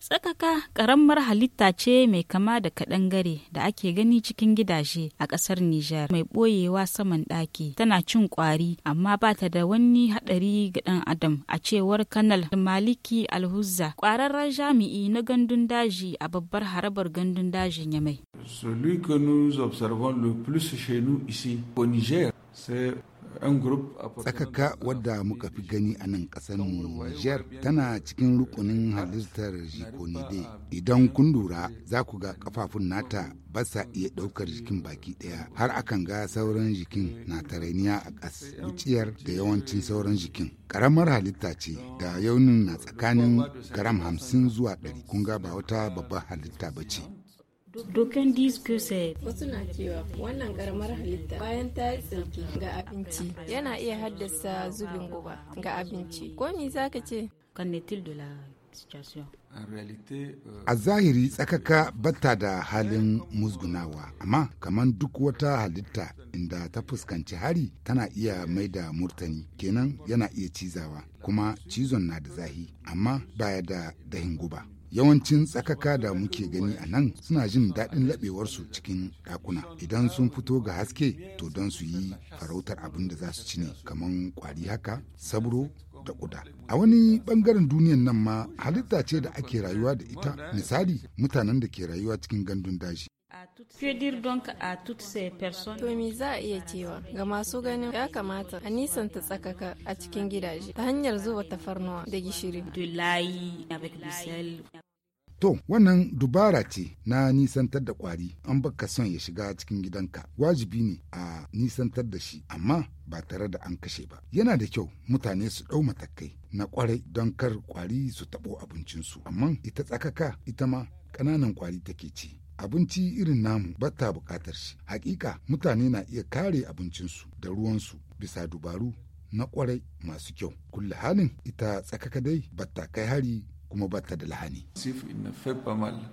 Tsakaka ƙaramar halitta ce mai kama da kaɗangare da ake gani cikin gidaje a ƙasar Nijar mai ɓoyewa saman ɗaki tana cin ƙwari amma ba ta da wani haɗari ga ɗan adam a cewar kanal Maliki Alhuzza ƙwararren jami'i na gandun daji a babbar harabar gandun dajin Yamai. mai. tsakaka wadda muka fi gani a nan ƙasar Nijar tana cikin rukunin halittar jikonide idan kun lura za ku ga kafafun nata ba sa iya ɗaukar jikin baki ɗaya har akan ga sauran jikin na tarainiya a ƙas wuciyar da yawancin sauran jikin karamar halitta ce da yaunin na tsakanin garam hamsin zuwa ɗari kun ga ba wata babbar halitta ba ce Dokan disco set. Wasu na cewa wannan karamar halitta bayan ta yi tsarki ga abinci yana iya haddasa zubin guba ga abinci. Ko me za ka ce? de la euh, A zahiri tsakaka bata da halin musgunawa, amma kamar duk wata halitta inda ta fuskanci hari tana iya mai da murtani kenan yana iya cizawa, kuma cizon na da zahi, amma baya da dahin guba. yawancin tsakaka da muke gani a nan suna jin daɗin laɓewarsu cikin ɗakuna idan sun fito ga haske to don su yi farautar abin da za su ci ne kamar kwari haka sabro da ƙuda. A wani ɓangaren duniyan nan ma halitta ce da ake rayuwa da ita misali mutanen da ke rayuwa cikin gandun daji. To me za a iya cewa ga masu ganin ya kamata a nisanta tsakaka a cikin gidaje ta hanyar zuba tafarnuwa da gishiri. To, wannan dubara ce na nisantar da kwari, an baka son ya shiga cikin gidanka, wajibi ne a nisantar da shi, amma ba tare da an kashe ba. Yana da kyau mutane su ɗau matakai na kwarai don kar kwari su taɓo abincinsu, amma ita tsakaka ita ma ƙananan kwari take ci. Abinci irin namu bata buƙatar shi. Hakika mutane na iya kare abincinsu da ruwansu bisa dubaru na kwarai masu kyau. Kulle halin ita tsakaka dai bata kai hari كمبتد الحني سيف إن فيب مال